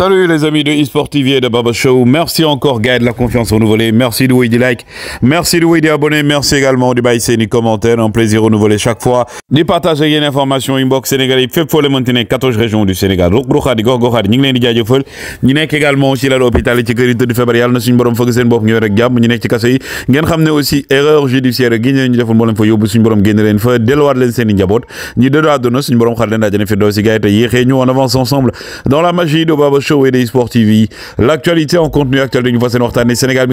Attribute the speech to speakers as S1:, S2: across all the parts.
S1: Salut les amis de eSportivier et de Baba Show. Merci encore Gaël de la confiance renouvelée. Merci Louis de like. Merci Louis de des Merci également de baisser les commentaires. Un plaisir renouvelé chaque fois. De partager une information inbox sénégalais. Fait pour le maintenir 14 régions du Sénégal. Rok Rokhad, Gok Gokhad, Ning Len Djadjo Fol. Ñu nek également ci la l'hôpital ci kër de février. yalla na suñu borom fëgg seen bop ñu rek jamm ñu nek ci kasso yi. Ngeen xamné aussi erreur judiciaire gi ñu defal mo leen fa yobbu suñu borom génn leen fa déloir leen seen njabot. Ñi dédou aduna suñu borom xal leen dajane fi do ci gaay té yéxé ñu on avance ensemble dans la magie de Baba Show show et d'eSport TV. L'actualité en contenu actuel de Nouveau Sénégal, et Sénégal,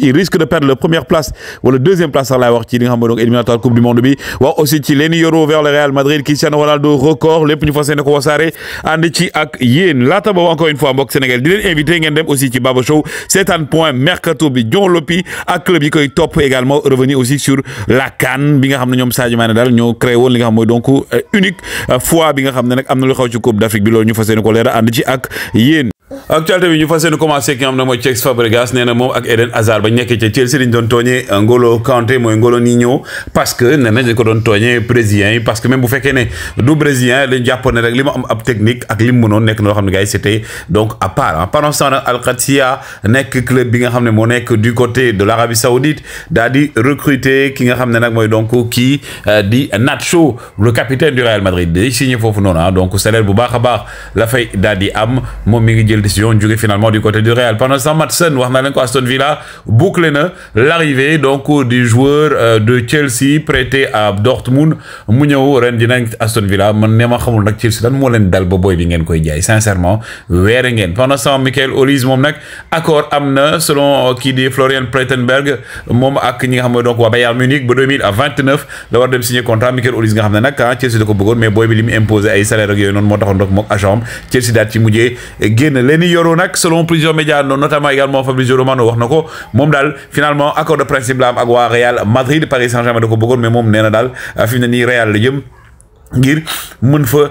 S1: il risque de perdre la première place ou la deuxième place à la Horti, donc éliminatoire Coupe du Monde. Aussi, Lenny Yoro vers le Real Madrid, Cristiano Ronaldo, record, le Nouveau Sénégal, Wassare, Andichi Ak Yen. Là, encore une fois, Mbok Sénégal, il invité Ngendem aussi qui Babo Show, c'est un point Mercato, Dion Lopi, à Club Top également, revenir aussi sur la Cannes, Binga Hamna Nyom Sadio Manadal, Nyon Créole, donc euh, unique euh, fois, Binga Hamna, Amna Coupe d'Afrique, Bilo, Nouveau colère Andichi Ak ak yéen actualité bi ñu fas yéene commencé ki nga xam ne mooy Cesc Fabregas nee na moom ak Eden Hazard ba nekkee ca Chelsea dañu doon tooñee Ngolo Kanté mooy Ngolo nii parce que nee na dañ ko doon tooñee brésilien parce que même bu fekkee ne du brésilien dañ jàppoon ne rek li mu am ab technique ak li mu mënoon nekk na gars c'était donc à part pendant ce temps nag Al Qadsiya nekk club bi nga xam ne moo du côté de l'Arabie Saoudite daal di recruter ki nga xam ne nag donc qui euh, di Nacho le capitaine du Real Madrid day signé foofu noonu ah donc salaire bu baax baax la fay daal di am moom mi ngi jël décision jugee finalement du côté du Real pendant ce temps Madsen wax ko Aston Villa boucle l'arrivée donc du joueur euh, de Chelsea prêté à Dortmund mu ñëw ren Aston Villa man ne ma Chelsea lan moo leen dal ba booy bi koy sincèrement weere ngeen pendant ce temps Michael Olise moom accord amne selon qui euh, di Florian Prettenberg Mom, ak ñi xam donc waa Bayern Munich ba 2029 la war de signer contrat Michael Olise nga xam ah, Chelsea de ko mais Boy, bi li imposé ay salaire ak yooyu noonu moo taxoon donc mook agent Chelsea daal ci mujjee génn Yoro selon plusieurs médias notamment également Fabrizio Romano wax na finalement accord de principe la am ak Real Madrid Paris Saint-Germain de ko mais moom nee na fi fin Real la jëm ngir mën fa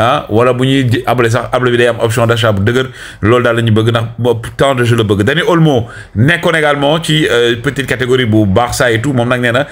S1: ah wala bu ñuy able sax able bi day am option d'achat bu dëgër loolu daal la ñu bëgg ndax temps de jeu la bëgg Dani Olmo nekkoon également ci euh, petite catégorie bu Barça et tout moom nag nee na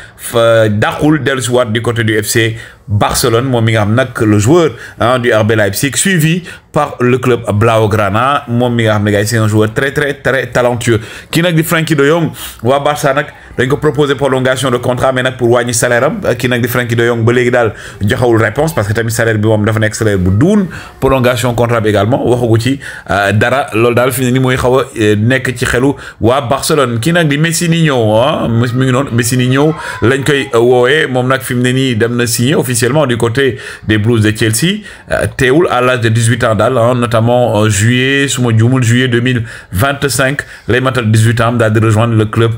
S1: dàqul dellusiwaat du côté du FC Barcelone moom nga le joueur hein, du RB Leipzig suivi par le club Blaugrana moom nga c'est un joueur très très très talentueux Qui n'a di Frankie de Jong waa Barça nag dañ ko proposer prolongation de contrat mais nag pour wàññi salaire am kii nag di Frenkie de Jong ba léegi daal joxawul réponse parce que tamit salaire bi moom dafa nekk salaire bu duun prolongation contrat également waxagu ci euh, dara loolu daal fi ne ni mooy xaw a à euh, ci xelu waa Barcelone kii nag di Messi ni hein, ngi Messi ni l'un lañ koy euh, woowee moom nag fi mu ne nii dem na signé initialement du côté des Blues de Chelsea. Euh, Théoul, à l'âge de 18 ans hein, notamment en euh, juillet sous mois juillet 2025 les matal 18 ans d'aller rejoindre le club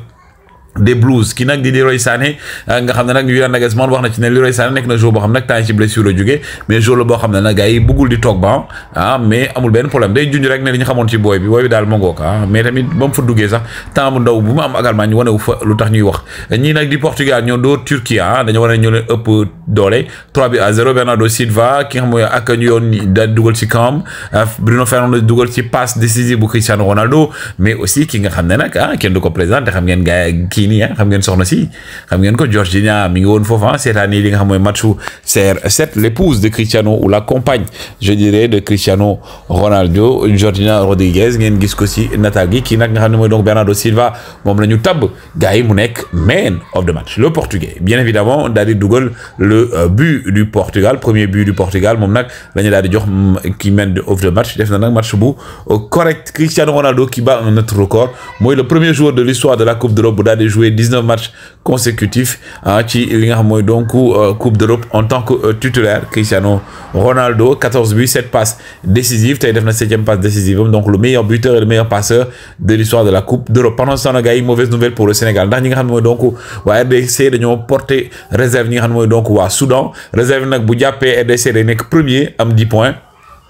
S1: des blues qui nak di Leroy Sané euh, nga xam ne nag Julian Nagelsmann wax na ci né Leroy Sané nek na jour bo xamné ne nag ci blessure la jógee mais jour la bo xamné ne gaay gars yi bëggul di tok ban ah mais amul benn problème day junj rek né li ñu xamoon ci boy bi boy bi daal mangoo ah mais tamit bam fa duggé sax temps bu ndaw bu mu am ak Allemagne wane wu fa lutax ñuy wax ñi nak di Portugal ñoo do Turquie ah dañoo wane ñoo leen ëpp doole 3 bi à 0 Bernardo Silva ki nga xam mooy ak ñu yoon daal dugal ci camp ah, Bruno Fernandes dugal ci passe décisive bu Cristiano Ronaldo mais aussi ki nga xamné nak nag ah kenn du ko présenté xam ngeen gaay ni nii eh? xam ngeen soxna si xam ngeen ko georgina mi ngi woon foofu ah, cette année li nga xam mooy matchu CR7 l'épouse de Cristiano ou la compagne je dirais de Cristiano Ronaldo Georgina Rodriguez ngeen gis ko si nataal gi kii nag nga xam ne mooy donc Bernardo Silva moom la ñu tabb gars yi mu nekk man of the match le portugais bien évidemment daal di dugal le euh, but du Portugal premier but du Portugal moom nag la ñu daal di jox mm, ki man of the match def na nag match bu euh, correct Cristiano Ronaldo qui bat un autre record mooy le premier joueur de l'histoire de la Coupe d'Europe bu daal di joué 19 matchs consécutifs à hein, ci donc euh, coupe d'Europe en tant que euh, titulaire Cristiano Ronaldo 14 buts 7 passes décisives tey def na septième passe décisive donc le meilleur buteur et le meilleur passeur de l'histoire de la coupe d'Europe pendant ce temps a mauvaise nouvelle pour le Sénégal ndax donc RDC de porté réserve ñi nga donc Soudan réserve nak RDC est le premier à 10 points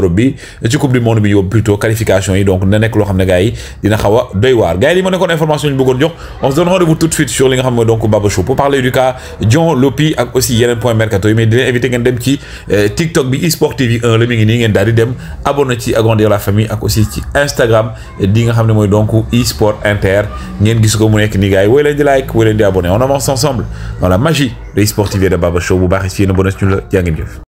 S1: d'Europe bi ci coupe du monde bi plutôt qualification donc na nek lo xamné gaay dina xawa doy war gaay yi li ma nekkoon information ñu jox on se donne rendez-vous tout de suite sur li nga xamné donc Baba Show pour parler du cas Dion Lopi ak aussi yenen point mercato mais di leen invité ngeen dem ci euh, TikTok bi eSport TV 1 le mi ngi ni ngeen daal di dem abonné ci agrandir la famille ak aussi ci Instagram di nga xamné moy mooy donc eSport Inter ngeen gis ko mu nek ni gaay yi di like woy di abonné on avance ensemble dans la magie de eSport TV de Baba Show bu bari ci yéen abonné suñu la ngeen jëf